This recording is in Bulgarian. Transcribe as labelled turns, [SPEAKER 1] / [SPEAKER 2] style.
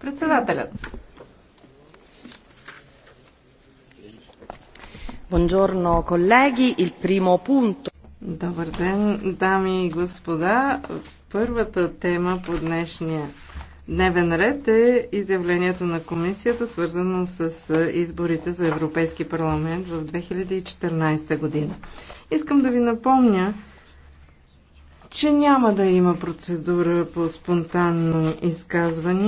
[SPEAKER 1] Председателят.
[SPEAKER 2] Бонжорно, колеги, il primo punto. Добър ден, дами и господа. Първата тема по днешния дневен ред е изявлението на комисията, свързано с изборите за Европейски парламент в 2014 година. Искам да ви напомня, че няма да има процедура по спонтанно
[SPEAKER 3] изказване.